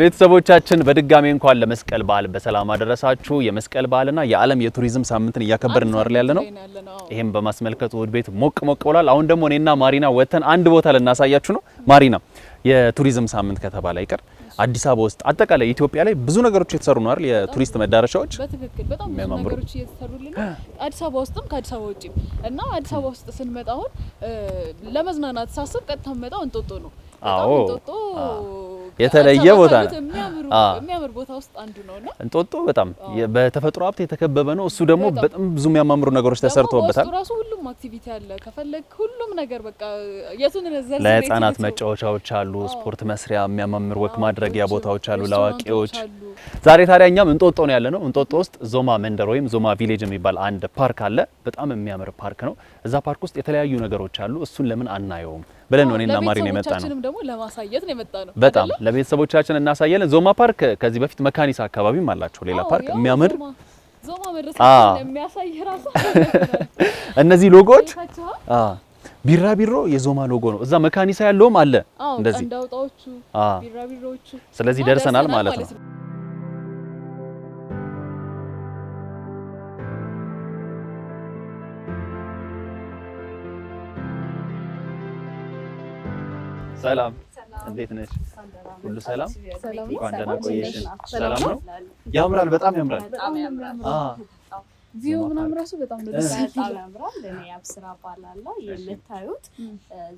ቤተሰቦቻችን በድጋሚ እንኳን ለመስቀል በዓል በሰላም አደረሳችሁ። የመስቀል በዓልና የዓለም የቱሪዝም ሳምንትን እያከበርን ነው ያለ ነው። ይህም በማስመልከቱ እሑድ ቤት ሞቅ ሞቅ ብሏል። አሁን ደግሞ እኔና ማሪና ወተን አንድ ቦታ ልናሳያችሁ ነው። ማሪና፣ የቱሪዝም ሳምንት ከተባለ አይቀር አዲስ አበባ ውስጥ አጠቃላይ ኢትዮጵያ ላይ ብዙ ነገሮች የተሰሩ ነው አይደል? የቱሪስት መዳረሻዎች በትክክል በጣም ብዙ ነገሮች እየተሰሩልን አዲስ አበባ ውስጥም ከአዲስ አበባ ውጭም እና አዲስ አበባ ውስጥ ስንመጣ አሁን ለመዝናናት ሳስብ ቀጥታ መጣው እንጦጦ ነው። አዎ እንጦጦ የተለየ ቦታ ነው። የሚያምር ቦታ ውስጥ አንዱ ነውና እንጦጦ በጣም በተፈጥሮ ሀብት የተከበበ ነው። እሱ ደግሞ በጣም ብዙ የሚያማምሩ ነገሮች ተሰርተውበታል። ራሱ ሁሉም አክቲቪቲ አለ ከፈለግ ሁሉም ነገር በቃ የቱን ዘር ለህፃናት መጫወቻዎች አሉ፣ ስፖርት መስሪያ የሚያማምር ወክ ማድረጊያ ቦታዎች አሉ ለአዋቂዎች። ዛሬ ታዲያ እኛም እንጦጦ ነው ያለ ነው። እንጦጦ ውስጥ ዞማ መንደር ወይም ዞማ ቪሌጅ የሚባል አንድ ፓርክ አለ። በጣም የሚያምር ፓርክ ነው። እዛ ፓርክ ውስጥ የተለያዩ ነገሮች አሉ። እሱን ለምን አናየውም ብለን ነው እኔና ማሪ የመጣ ነው። ለማሳየት ነው የመጣ ነው። በጣም ለቤተሰቦቻችን እናሳያለን ዞማ ፓርክ ከዚህ በፊት መካኒሳ አካባቢም አላቸው ሌላ ፓርክ የሚያምር እነዚህ ሎጎዎች ቢራቢሮ የዞማ ሎጎ ነው። እዛ መካኒሳ ያለውም አለ እንደዚህ። ስለዚህ ደርሰናል ማለት ነው። ሰላም እንዴት ነሽ? ሁሉ ሰላም? እንኳን ደህና ቆየሽን። ሰላም ነው። ያምራል፣ በጣም ያምራል። ቪው ምናምን ራሱ በጣም ደስ ይላል። እኔ አብስራ እባላለሁ። የምታዩት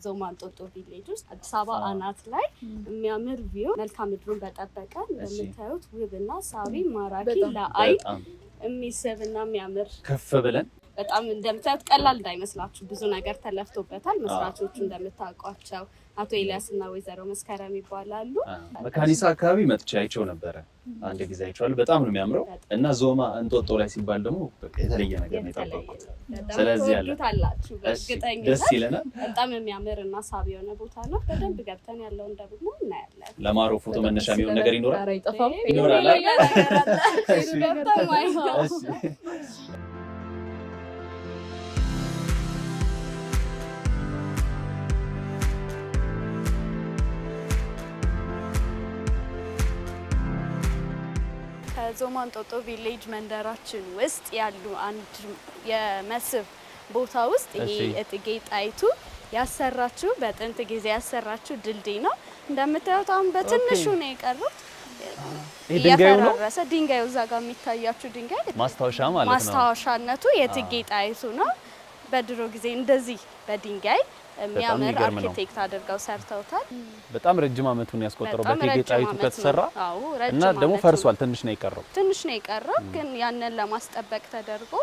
ዞማ እንጦጦ ቪሌጅ ውስጥ አዲስ አበባ አናት ላይ የሚያምር ቪው መልክዓ ምድሩን በጠበቀ የምታዩት ውብና ሳቢ ማራኪ ለአይን የሚስብ እና የሚያምር ከፍ ብለን በጣም እንደምታዩት ቀላል እንዳይመስላችሁ ብዙ ነገር ተለፍቶበታል። መስራቾቹ እንደምታውቋቸው አቶ ኤልያስ እና ወይዘሮ መስከረም ይባላሉ። መካኒሳ አካባቢ መጥቼ አይቼው ነበረ፣ አንድ ጊዜ አይቼዋለሁ። በጣም ነው የሚያምረው እና ዞማ እንጦጦ ላይ ሲባል ደግሞ የተለየ ነገር ነው የጠበቁት። ስለዚህ ያለላችሁ ደስ ይለናል። በጣም የሚያምር እና ሳቢ የሆነ ቦታ ነው። በደንብ ገብተን ያለውን ደግሞ እናያለን። ለማሮ ፎቶ መነሻ የሚሆን ነገር ይኖራል ይኖራል በዞማ እንጦጦ ቪሌጅ መንደራችን ውስጥ ያሉ አንድ የመስህብ ቦታ ውስጥ ይሄ እቴጌ ጣይቱ ያሰራችው በጥንት ጊዜ ያሰራችው ድልድይ ነው። እንደምታዩት አሁን በትንሹ ነው የቀሩት። እየፈራረሰ ድንጋዩ እዛ ጋር የሚታያችሁ ድንጋይ ማስታወሻ ማለት ነው። ማስታወሻነቱ የእቴጌ ጣይቱ ነው። በድሮ ጊዜ እንደዚህ በድንጋይ የሚያምር አርኪቴክት አድርገው ሰርተውታል። በጣም ረጅም ዓመቱን ያስቆጠረው በጌጣጌጡ ከተሰራ እና ደግሞ ፈርሷል። ትንሽ ነው የቀረው ትንሽ ነው የቀረው ግን ያንን ለማስጠበቅ ተደርጎ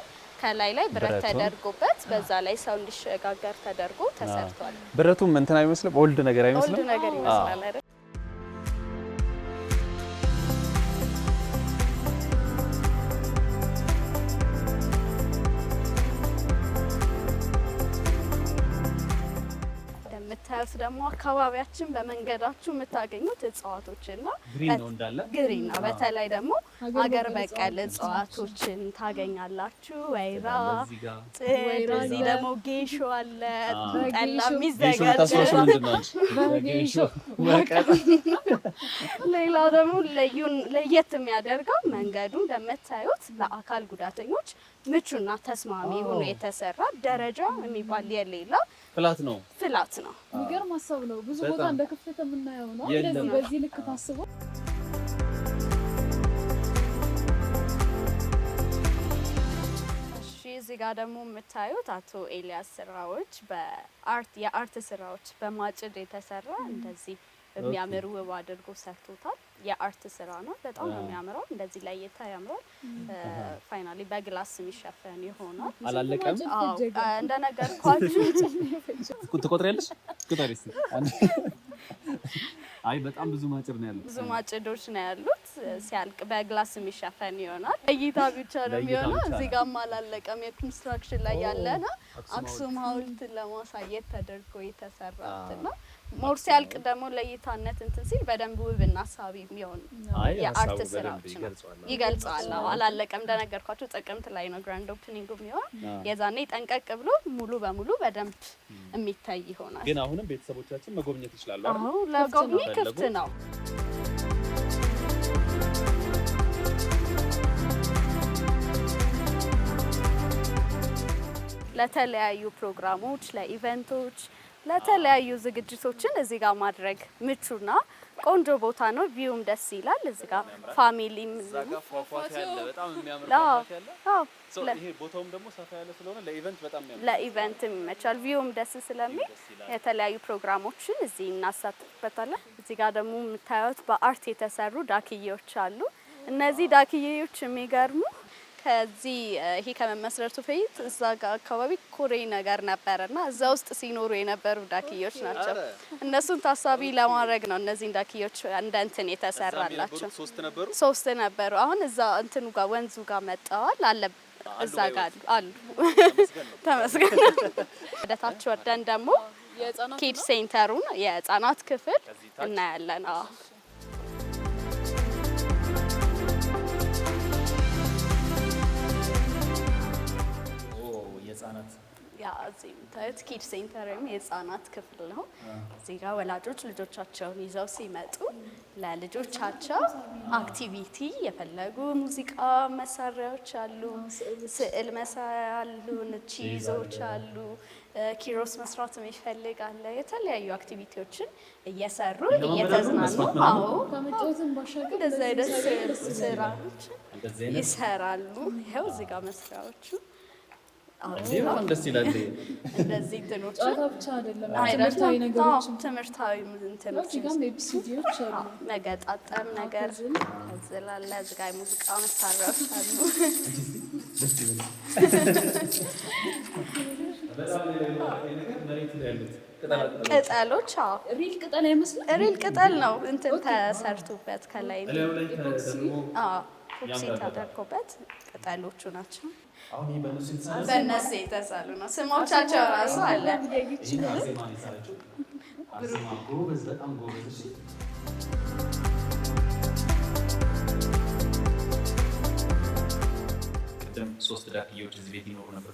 ከላይ ላይ ብረት ተደርጎበት በዛ ላይ ሰው እንዲሸጋገር ተደርጎ ተሰርቷል። ብረቱም እንትን አይመስልም፣ ኦልድ ነገር አይመስልም። ኦልድ ነገር ይመስላል else ደግሞ አካባቢያችን በመንገዳችሁ የምታገኙት እጽዋቶችን ነው። ግሪን ነው። በተለይ ደግሞ ሀገር በቀል እጽዋቶችን ታገኛላችሁ። ወይራ፣ ጥድ፣ እዚህ ደግሞ ጌሾ አለ። ጠላ የሚዘጋጅ ደግሞ ለየት የሚያደርገው መንገዱ እንደምታዩት ለአካል ጉዳተኞች ምቹና ተስማሚ ሆኖ የተሰራ ደረጃ የሚባል የሌለው ፍላት ነው። ፍላት ነው። ሀሳብ ነው። ብዙ ቦታ እንደ ክፍተት የምናየው ነው። እንደዚህ በዚህ ልክ ታስቦ እዚህ ጋር ደግሞ የምታዩት አቶ ኤልያስ ስራዎች በአርት የአርት ስራዎች በማጭድ የተሰራ እንደዚህ የሚያምር ውብ አድርጎ ሰርቶታል። የአርት ስራ ነው። በጣም ነው የሚያምረው። እንደዚህ ላይ የታ ያምራል። ፋይናሊ በግላስ የሚሸፈን ይሆናል። አላለቀም። እንደነገርኳችሁ ትቆጥሪያለሽ ቅጠሪ ስ አይ በጣም ብዙ ማጭድ ነው ያሉት። ብዙ ማጭዶች ነው ያሉት። ሲያልቅ በግላስ የሚሸፈን ይሆናል። እይታ ብቻ ነው የሚሆነው። እዚህ ጋርም አላለቀም። የኮንስትራክሽን ላይ ያለ ነው። አክሱም ሐውልትን ለማሳየት ተደርጎ የተሰራ ነው። ሞር ሲያልቅ ደግሞ ለእይታነት እንትን ሲል በደንብ ውብ እና ሳቢ የሚሆን የአርት ስራዎች ነው ይገልጸዋል። አላለቀም። እንደነገርኳቸው ጥቅምት ላይ ነው ግራንድ ኦፕኒንግ የሚሆን። የዛኔ ጠንቀቅ ብሎ ሙሉ በሙሉ በደንብ የሚታይ ይሆናል። ግን አሁንም ቤተሰቦቻችን መጎብኘት ይችላሉ። አሁን ለጎብኚ ክፍት ነው። ለተለያዩ ፕሮግራሞች፣ ለኢቨንቶች ለተለያዩ ዝግጅቶችን እዚህ ጋር ማድረግ ምቹና ቆንጆ ቦታ ነው። ቪውም ደስ ይላል። እዚህ ጋር ፋሚሊም ለኢቨንትም ይመቻል። ቪውም ደስ ስለሚል የተለያዩ ፕሮግራሞችን እዚህ እናሳትፍበታለን። እዚህ ጋር ደግሞ የምታዩት በአርት የተሰሩ ዳክዬዎች አሉ። እነዚህ ዳክዬዎች የሚገርሙ ከዚህ ይሄ ከመመስረቱ በፊት እዛ ጋር አካባቢ ኩሬ ነገር ነበረ እና እዛ ውስጥ ሲኖሩ የነበሩ ዳክዮች ናቸው። እነሱን ታሳቢ ለማድረግ ነው እነዚህን ዳክዮች እንደ እንትን የተሰራላቸው። ሶስት ነበሩ። አሁን እዛ እንትኑ ጋር ወንዙ ጋር መጠዋል አለ እዛ ጋር አሉ። ተመስገን። ወደ ታች ወርደን ደግሞ ኪድ ሴንተሩን የህጻናት ክፍል እናያለን። ያ እዚህ የምታዩት ኪድ ሴንተር ወይም የህፃናት ክፍል ነው። እዚህ ጋር ወላጆች ልጆቻቸውን ይዘው ሲመጡ ለልጆቻቸው አክቲቪቲ የፈለጉ ሙዚቃ መሳሪያዎች አሉ፣ ስዕል መሳሪያ አሉ፣ ንቺዞች አሉ፣ ኪሮስ መስራት የሚፈልግ አለ። የተለያዩ አክቲቪቲዎችን እየሰሩ እየተዝናኑ አዎ፣ እንደዚህ አይነት ስራዎች ይሰራሉ። ይኸው እዚህ ጋር መስሪያዎቹ ትምህርታዊ ነገሮች ትምህርታዊ እንትኖች መገጣጠም ነገር ዝላለ እዚጋ ሙዚቃ መሳሪያዎች አሉ። ቅጠሎች ሪል ቅጠል ነው እንትን ተሰርቶበት ከላይ ኩብሲ ታደርጎበት ቅጠሎቹ ናቸው። በእነሱ የተሳሉ ነው። ስሞቻቸው ራሱ አለ። ቅድም ሶስት ዳክዬዎች እዚህ ቤት ይኖሩ ነበር።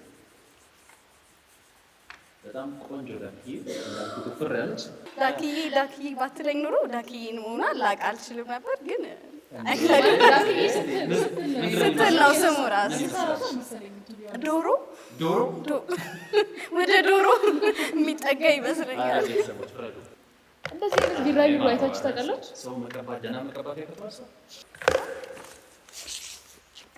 በጣም ቆንጆ ዳክዬ እንዳልኩት ያለች ዳክዬ ዳክዬ ባትለኝ ኑሮ ዳክዬ መሆኗ አላቅ አልችልም ነበር ግን ስትል ነው ስሙ ራሱ ዶሮ ዶሮ ወደ ዶሮ የሚጠጋ ይመስለኛል። እንደዚህ ቢራዩ አይታችሁ ታውቃላችሁ? ሰው መቀባት ደህና መቀባት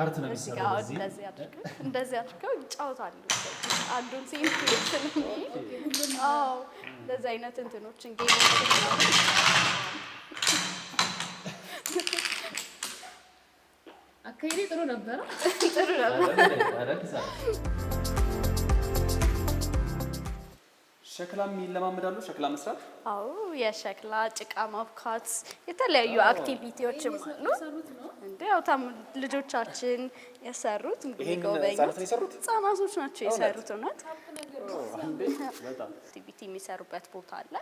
አርት ነው የሚሰራው። እንደዚህ አድርገው እንደዚህ አድርገው ይጫወታሉ። አንዱን ሴት እንደዚህ አይነት እንትኖችን ጌ አካሄዴ ጥሩ ነበረ፣ ጥሩ ነበረ። ሸክላም ይለማመዳሉ ሸክላ መስራት አዎ የሸክላ ጭቃ ማብካት የተለያዩ አክቲቪቲዎችም አሉ። እንደ ያው ታም ልጆቻችን የሰሩት የሚጎበኙት ህጻናቶች ናቸው የሰሩት። እውነት አክቲቪቲ የሚሰሩበት ቦታ አለ።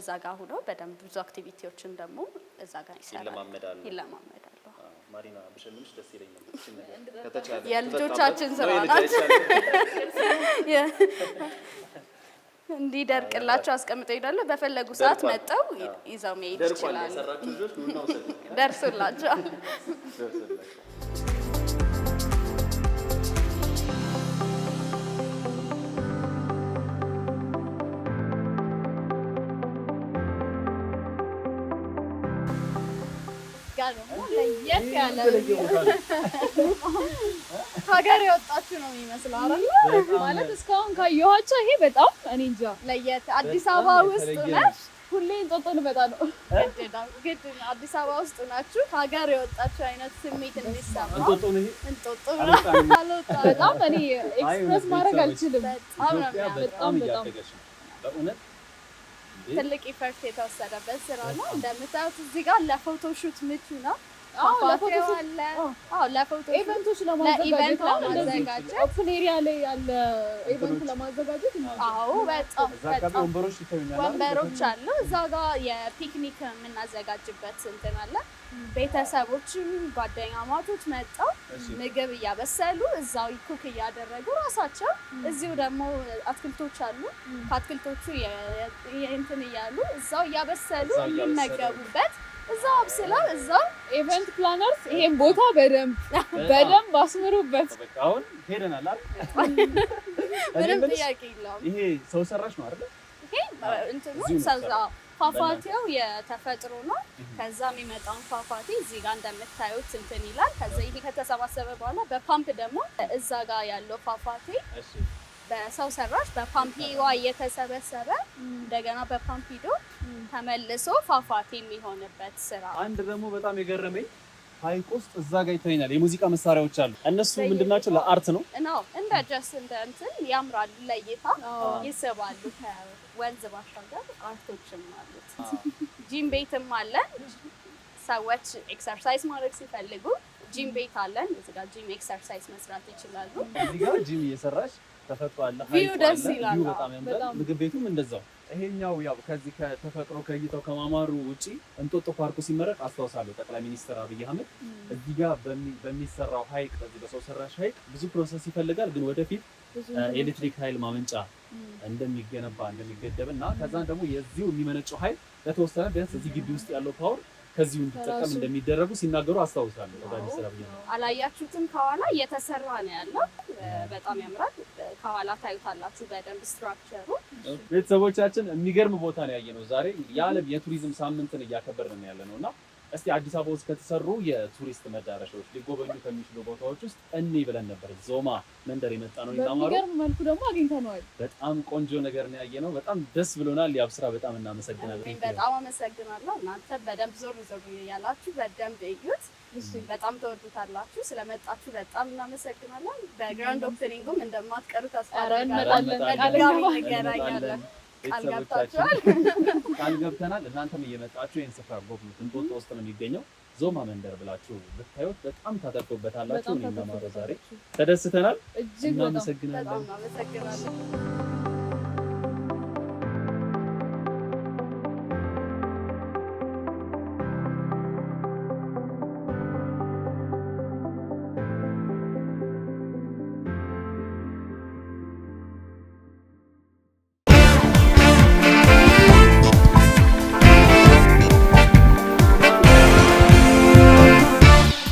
እዛ ጋር ሁነው በደንብ ብዙ አክቲቪቲዎችን ደግሞ እዛ ጋር ይሰራሉ፣ ይለማመዳሉ። ማሪና ብሸልምሽ ደስ ይለኛል። የልጆቻችን ስራ ናት። እንዲደርቅላቸው አስቀምጠው ይሄዳሉ። በፈለጉ ሰዓት መጠው ይዘው መሄድ ይችላሉ። ደርሶላቸዋል። ሀገር የወጣችሁ ነው የሚመስለው ማለት እስካሁን ካየኋቸው ይሄ በጣም እኔ እንጃ ለየት አዲስ አበባ ውስጥ ነሽ ሁሌ እንጦጦ ልመጣ ነው ግድ አዲስ አበባ ውስጥ ናችሁ ሀገር የወጣችሁ አይነት ስሜት እንዲሰማ እንጦጦ በጣም እኔ ኤክስፕረስ ማድረግ አልችልም በጣም በጣም ትልቅ ኢፈርት የተወሰደበት ስራ ነው እንደምታዩት እዚህ ጋር ለፎቶ ሹት ምቹ ነው ለማዘጋጀት ኤሪያ ወንበሮች አሉ። እዛ ጋር የፒክኒክ የምናዘጋጅበት እንትን አለ። ቤተሰቦችም ጓደኛ ማቶች መጣው ምግብ እያበሰሉ እዛው ኩክ እያደረጉ ራሳቸው እዚሁ ደግሞ አትክልቶች አሉ። ከአትክልቶቹ እንትን እያሉ እዛው እያበሰሉ የሚመገቡበት እዛ አብስላ እዛ ኢቨንት ፕላነርስ ይሄን ቦታ በደንብ በደንብ አስምሩበት። አሁን ሄደናል አይደል? ምንም ጥያቄ የለውም። ይሄ ሰው ሰራሽ ነው አይደል? ይሄ እንትኑ ሰዛ ፏፏቴው የተፈጥሮ ነው። ከዛ የሚመጣውን ፏፏቴ እዚህ ጋር እንደምታዩት እንትን ይላል። ከዛ ይሄ ከተሰባሰበ በኋላ በፓምፕ ደግሞ እዛ ጋር ያለው ፏፏቴ በሰው ሰራሽ በፓምፒዋ እየተሰበሰበ እንደገና በፓምፒዶ ተመልሶ ፏፏቴ የሚሆንበት ስራ። አንድ ደግሞ በጣም የገረመኝ ሀይቅ ውስጥ እዛ ጋ ይታይናል። የሙዚቃ መሳሪያዎች አሉ። እነሱ ምንድናቸው? ለአርት ነው ነው እንደ ጀስ እንደ እንትን ያምራሉ፣ ለእይታ ይስባሉ። ከወንዝ ባሻገር አርቶችም አሉት። ጂም ቤትም አለን። ሰዎች ኤክሰርሳይዝ ማድረግ ሲፈልጉ ጂም ቤት አለን። እዚህ ጋር ጂም ኤክሰርሳይዝ መስራት ይችላሉ። እዚህ ጋር ጂም እየሰራሽ ተፈጥሮ አለ፣ ቪው ደስ ይላል፣ በጣም ያምራል። ምግብ ቤቱም እንደዛው። ይሄኛው ያው ከዚህ ከተፈጥሮ ከእይታው ከማማሩ ውጪ እንጦጦ ፓርኩ ሲመረቅ አስታውሳለሁ ጠቅላይ ሚኒስትር አብይ አህመድ እዚህ ጋር በሚሰራው ሐይቅ በዚህ በሰው ሰራሽ ሐይቅ ብዙ ፕሮሰስ ይፈልጋል፣ ግን ወደፊት ኤሌክትሪክ ኃይል ማመንጫ እንደሚገነባ እንደሚገደብ እና ከዛም ደግሞ የዚሁ የሚመነጨው ኃይል ለተወሰነ ቢያንስ እዚህ ግቢ ውስጥ ያለው ፓወር ከዚሁ እንዲጠቀም እንደሚደረጉ ሲናገሩ አስታውሳለሁ። በጣም ስራ አላያችሁትም? ከኋላ እየተሰራ ነው ያለው። በጣም ያምራል። ከኋላ ታዩታላችሁ በደንብ ስትራክቸሩ። ቤተሰቦቻችን የሚገርም ቦታ ነው ያየ ነው ዛሬ። የዓለም የቱሪዝም ሳምንትን እያከበርን ያለ ነው እና እስቲ አዲስ አበባ ውስጥ ከተሰሩ የቱሪስት መዳረሻዎች ሊጎበኙ ከሚችሉ ቦታዎች ውስጥ እኔ ብለን ነበር ዞማ መንደር የመጣ ነው። ይታማሩ መልኩ ደግሞ አግኝተነዋል። በጣም ቆንጆ ነገር ነው ያየ ነው። በጣም ደስ ብሎናል። ያብስራ በጣም እናመሰግናለን። በጣም አመሰግናለሁ። እናንተ በደንብ ዞር ዞር እያላችሁ በደንብ እዩት። በጣም ተወዱታላችሁ። ስለመጣችሁ በጣም እናመሰግናለን። በግራንድ ኦፕኒንጉም እንደማትቀሩ ተስፋ አደርጋለሁ። በድጋሚ እንገናኛለን። ቃል ገብታችኋል፣ ቃል ገብተናል። እናንተም እየመጣችሁ ይህን ስፍራ ጎብኙት። እንጦጦ ውስጥ ነው የሚገኘው። ዞማ መንደር ብላችሁ ብታዩት በጣም ታተርፉበታላችሁ። እኔም ለማረ ዛሬ ተደስተናል። እናመሰግናለን።